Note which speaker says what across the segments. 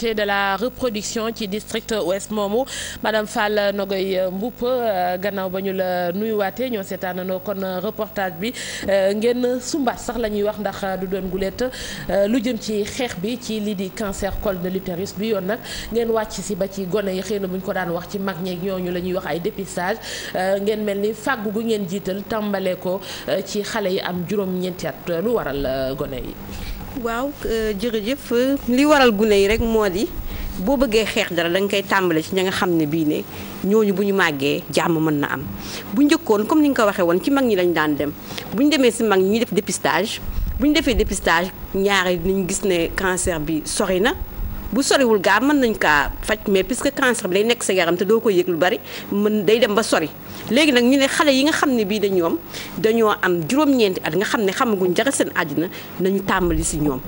Speaker 1: santé de la reproduction ci district ouest moomu madame Fall Nogoy Mboup euh, gannaaw ba ñu la nuyuwaatee ñoo seetaananoo kon reportage bi euh, ngeen sumbaat sax la ñuy wax ndax du doon gulet euh, lu jëm ci xeex bi ci lii di cancer col de l'utérus bi yoon nag ngeen wàcc si ba ci gone yi xëy na bu ñu ko daan wax ci mag ñeeg ñooñu la ñuy wax ay dépistage ngeen mel ni fàggu gu ngeen jiital tàmbalee ko ci xale yi am juróom-ñeenti at lu waral gone yi.
Speaker 2: waaw euh, jërëjëf li waral gune yi rek moo di boo bëggee xeex dara da nga koy tàmbale ci ña nga xam ne bii ne ñooñu bu ñu màggee jàmm mën na am bu njëkkoon comme ni nga ko waxee woon ci mag ñi lañ daan dem bu ñu demee si mag ñi def dépistage bu ñu defee dépistage ñaare dinañ gis ne cancer bi sori na. bu soriwul gaa mën nañ kaa faj mais puisque cancer bi day nekk sa yaram te doo ko yëg lu bari mën day dem ba sori léegi nag ñu ne xale yi nga xam ne bii dañoom dañoo am juróom-ñeenti at nga xam ne xamaguñ dara seen àddina nañu tàmbali si ñoom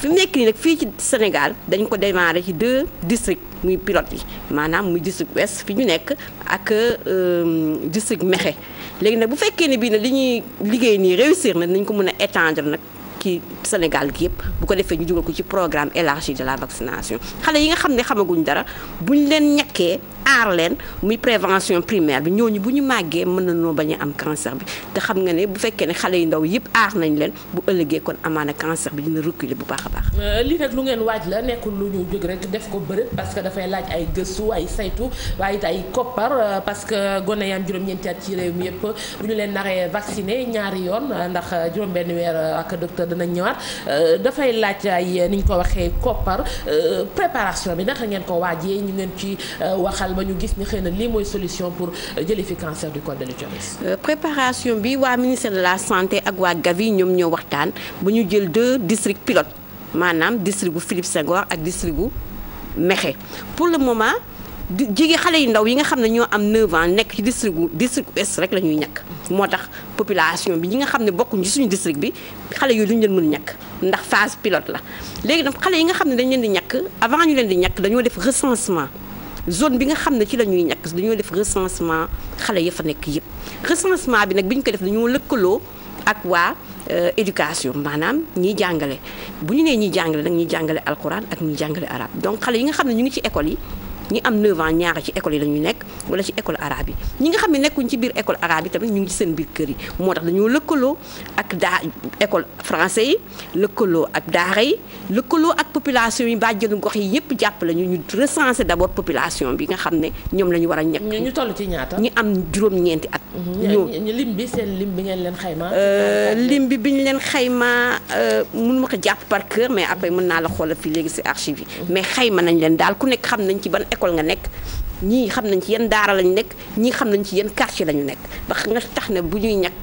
Speaker 2: fi mu nekk nii nag fii ci Sénégal dañ ko démarré ci deux districts muy pilote yi maanaam muy district ouest fi ñu nekk ak euh, district Mexe léegi nag bu fekkee ne bii nag li ñuy liggéey nii réussir na nañ ko mën a étendre nag ci Sénégal gi yëpp bu ko defee ñu dugal ko ci programme élargi de la vaccination xale yi nga xam ne xamaguñ dara buñ leen ñàkkee aar leen muy prévention primaire bi ñooñu bu ñu màggee mën nañoo bañ a am cancer bi te xam nga ne bu fekkee ne xale yu ndaw yëpp aar nañ leen bu ëllëgee kon amaana cancer bi dina reculer bu baax a baax.
Speaker 1: Euh, lii nag lu ngeen waaj la nekkul lu ñu jóg rek def ko bërëb parce que dafay laaj ay gëstu ay saytu waaye it ay koppar euh, parce que gone yaam juróom-ñeenti at ci réew mi yëpp bu ñu leen naree vacciné ñaari yoon ndax juróom-benn weer ak docteur danañ ñëwaat euh, dafay laaj ay ni ñu ko waxee koppar préparation bi naka ngeen ko waajee ñu ngeen ci waxal ba ñu gis ni xëy na lii mooy solution pour euh, jëlee fi cancer du col de l'utérus.
Speaker 2: Euh, préparation bi waa ministère de la santé ak waa Gavi ñoom ñoo waxtaan ba ñu jël deux districts pilotes maanaam district bu Philippe Senghor ak district bu Mekhe pour le moment jigéen xale yu ndaw yi nga xam ne ñoo am 9 ans nekk ci district bu district est rek la ñuy ñàkk moo tax population bi ñi nga xam ne bokkuñ ci suñu district bi xale yooyu duñu leen mën ñàkk ndax phase pilote la léegi nag xale yi nga xam ne dañ leen di ñàkk avant ñu leen di ñàkk dañoo def recensement zone bi nga xam ne ci la ñuy ñàkk dañoo def recensement xale ya fa nekk yëpp recensement bi nag bi ñu ko def dañoo lëkkaloo ak waa euh, éducation maanaam ñiy jàngale bu ñu nee ñiy jàngale nag ñiy jàngale alxuraan ak ñiy jàngale arab donc xale yi nga xam ne ñu ngi ci école yi ñi am 9 ans ñaar ci école yi lañuy nekk wala ci école arabe yi ñi nga xam nekkuñ ci biir école arabe yi tamit ñu ngi ci seen biir kër yi moo tax dañoo lëkkaloo ak daa école français yi lëkkaloo ak daara yi lëkkaloo ak population yi bàjjenu gox yi yëpp jàpp lañu ñu recenser d'abord population bi nga xam ne ñoom la ñu war a ñekk ñu toll ci ñaata ñi am juróom-ñeenti at mmh.
Speaker 1: ñu lim bi seen lim bi ngeen leen xayma euh, lim
Speaker 2: bi bi ñu leen xayma euh, mënuma ko jàpp par cœur mais après mën naa la xoolal fii léegi ci archive yi mmh. mais xayma école nga nekk ñii xam nañ ci yan daara lañu nekk ñii xam nañ ci yan quartier lañu nekk ba nga tax ne bu ñuy ñàkk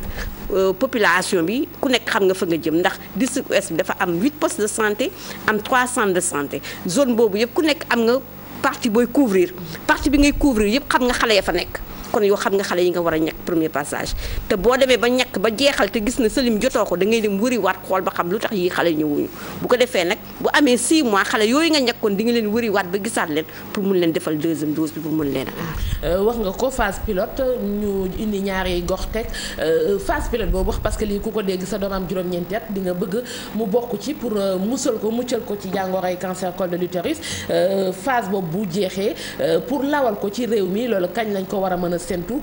Speaker 2: euh, population bi ku nekk xam nga fa nga jëm ndax district ouest bi dafa am 8 postes de santé am 3 centres de santé zone boobu yëpp ku nekk am nga partie booy couvrir partie bi ngay couvrir yëpp xam nga xale ya fa nekk kon yoo xam nga xale yi nga war a ñàkk premier passage te boo demee ba ñàkk ba jeexal te gis na sëlim jotoo ko da ngay dem wëriwaat xool ba xam lu tax yii xale ñëwuñu bu ko defee nag bu amee 6 xale yooyu nga ñàkkoon di nga leen wëriwaat ba gisaat leen pour mun leen defal deuxième dose bi pour mun leen a
Speaker 1: euh, wax nga ko phase pilote ñu indi ñaari gox teg euh, phase pilote boobu wax que lii ku ko dégg sa doom am juróom-ñeenti at di nga bëgg mu bokk ci pour euh, musal ko muccal ko ci jàngoroy cancer col de l'utérus phase boobu bu jeexee pour lawal ko ci réew mi loolu kañ lañ ko war a mën a séntu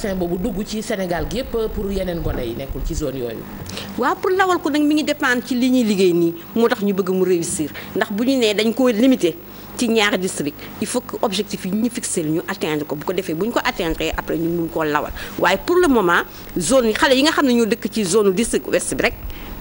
Speaker 1: vaccin boobu dugg ci Sénégal gi yëpp pour yeneen gone yi nekkul ci zone yooyu.
Speaker 2: waaw pour lawal ko nag mi ngi dépendre ci li ñuy liggéey nii moo tax ñu bëgg mu réussir ndax bu ñu nee dañ ko limité. ci ñaari district il faut que objectif yi ñu fixé ñu atteindre ko bu ko defee buñ ko atteindre après ñu mun koo lawal waaye pour le moment zone yi xale yi nga xam ne ñoo dëkk ci zone district ouest bi rek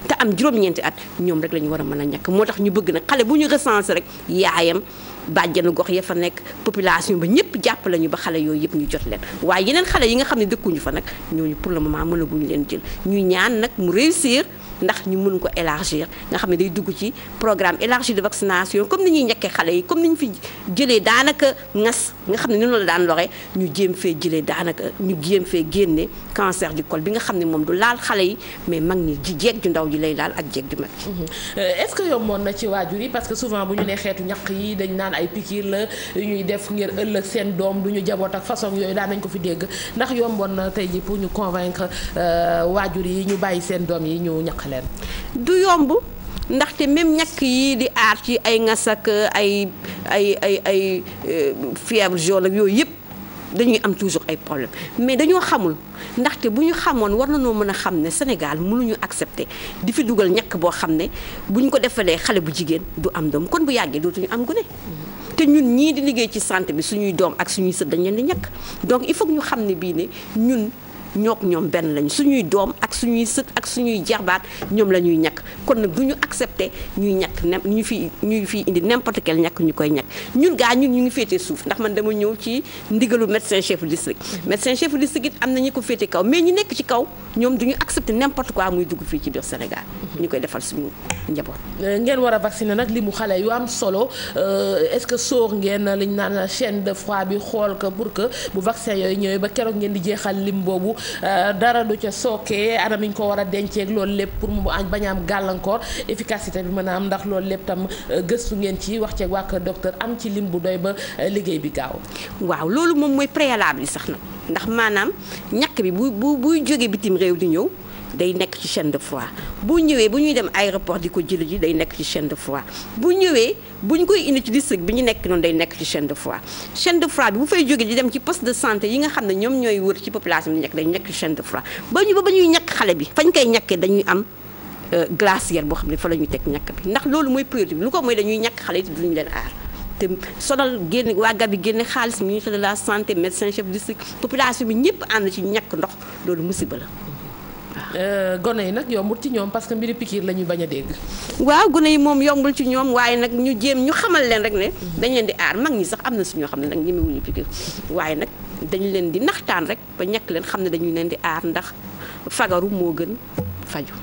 Speaker 2: te am juróom-ñeenti at ñoom rek la ñu war a mën a ñàkk moo tax ñu bëgg nag xale bu ñu recensé rek yaayam bàjjanu gox ya fa nekk population ba ñëpp jàpp lañu ba xale yooyu yëpp ñu jot leen waaye yeneen xale yi nga xam ne dëkkuñu fa nag ñooñu pour le moment mënaguñu leen jël ñuy ñaan nag mu réussir ndax ñu mën ko élargir nga xam ne day dugg ci programme élargi de vaccination comme ni ñuy ñekkee xale yi comme ni ñu fi jëlee daanaka ngas nga xam ne ñun la daan lore ñu jéem fee jëlee daanaka ñu jéem fee génne cancer du col bi nga xam ne moom du laal xale yi mais mag ñi ji jeeg ju ndaw ji lay laal ak jeeg ju mag mhm.
Speaker 1: euh, est-ce que na ci waajur yi parce que souvent bu ñu nee xeetu ñaq yi dañ naan ay pikiir la yu ñuy def ngir ëllëg seen doom du ñu jaboot ak façon yooyu daan nañ ko fi dégg ndax yomboon na tey ji pour ñu convaincre euh, waajur yi ñu bàyyi seen doom yi ñu ñaq leen du yomb ndaxte même ñàkk yi di aar ci ay ngas
Speaker 2: ay ay ay ay euh, fièvre jaune ak yooyu yëpp dañuy am toujours ay problème mais dañoo xamul ndaxte bu ñu xamoon war na noo mën a xam ne Sénégal mënuñu accepter di fi dugal ñàkk boo xam ne bu ñu ko defalee xale bu jigéen du am doom kon bu yàggee dootuñu am gune te ñun ñii di liggéey ci santé bi suñuy doom ak suñuy sët dañ leen di ñàkk donc il faut ñu xam ne bii ne ñun. ñook ñoom benn lañ suñuy doom ak suñuy sët ak suñuy jarbaat ñoom la ñuy ñàkk kon nag du ñu accepté ñuy ñàkk nem ñu fi ñuy fi indi n'importe quel ñàkk ñu koy ñàkk ñun gaa ñun ñu ngi féetee suuf ndax man dama ñëw ci ndigalu médecin chef district médecin chef district am na ñu ko féete kaw mais ñu nekk ci kaw ñoom du ñu accepté n'importe quoi muy dugg fii ci biir Sénégal ñu koy defal suñu njaboot.
Speaker 1: Euh, ngeen war a vacciner nag li mu xale yu am solo euh, est-ce que sóor ngeen liñ naan chaîne de froid bi xool ko pour que bu vaccin yooyu ñëwee ba keroog ngeen di jeexal lim boobu euh, dara du ca sookee anam ñu ko war a denceeg loolu lépp pour mu bañ a am gàllankoor efficacité bi mën a am ndax loolu lépp tam gëstu ngeen ci wax ceeg waa kër am ci lim bu doy ba liggéey bi gaaw. waaw loolu moom mooy préalable sax nag
Speaker 2: ndax maanaam ñàkk bi bu bu buy jógee bitim réew di ñëw. day nekk ci chaîne de froid bu ñëwee bu ñuy dem aéroport di ko jëli ji day nekk ci chaîne de froid bu ñëwee bu ñu koy indi ci district bi ñu nekk noonu day nekk ci chaîne de froid chaîne de froid bi bu fay jógee di dem ci poste de santé yi nga xam ne ñoom ñooy wër ci population bi nekk day nekk ci chaîne de froid ba ñu ba xale bi fañ am euh, glacière boo xam ne fa la ñuy teg ñàkk bi ndax loolu mooy priorité bi lu ko mooy dañuy ñàkk xale yi te duñu leen aar te sonal génn waa bi génne xaalis ministre de la santé médecin chef district ñëpp ànd ci ñàkk ndox loolu musiba la
Speaker 1: Euh, gone yi nag yombul ci ñoom parce que mbiri pikiir la ñuy bañ a dégg.
Speaker 2: waaw gone yi moom yombul ci ñoom waaye nag ñu jéem ñu xamal leen rek ne. dañ leen di aar mag ñi sax am na si ñoo xam ne nag ñemewuñu pikiir waaye nag dañu leen di
Speaker 1: naxtaan rek ba ñàkk leen xam ne dañu leen di aar ndax fagaru moo gën faju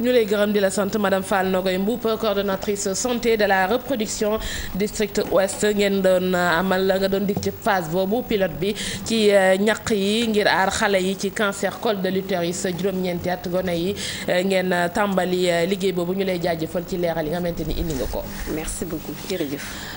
Speaker 1: ñu lay gërëm di la sant madame Fall Nogoy Mboup coordonnatrice santé de la reproduction district ouest ngeen doon euh, amal nga doon dig ci phase boobu pilote bi ci euh, ñaq yi ngir aar xale yi ci cancer col de l'utérus juróom-ñeenti at gone yi euh, ngeen tàmbali liggéey boobu ñu lay jaajëfal ci leeral yi nga xamante ni indi nga ko. merci beaucoup jërëjëf.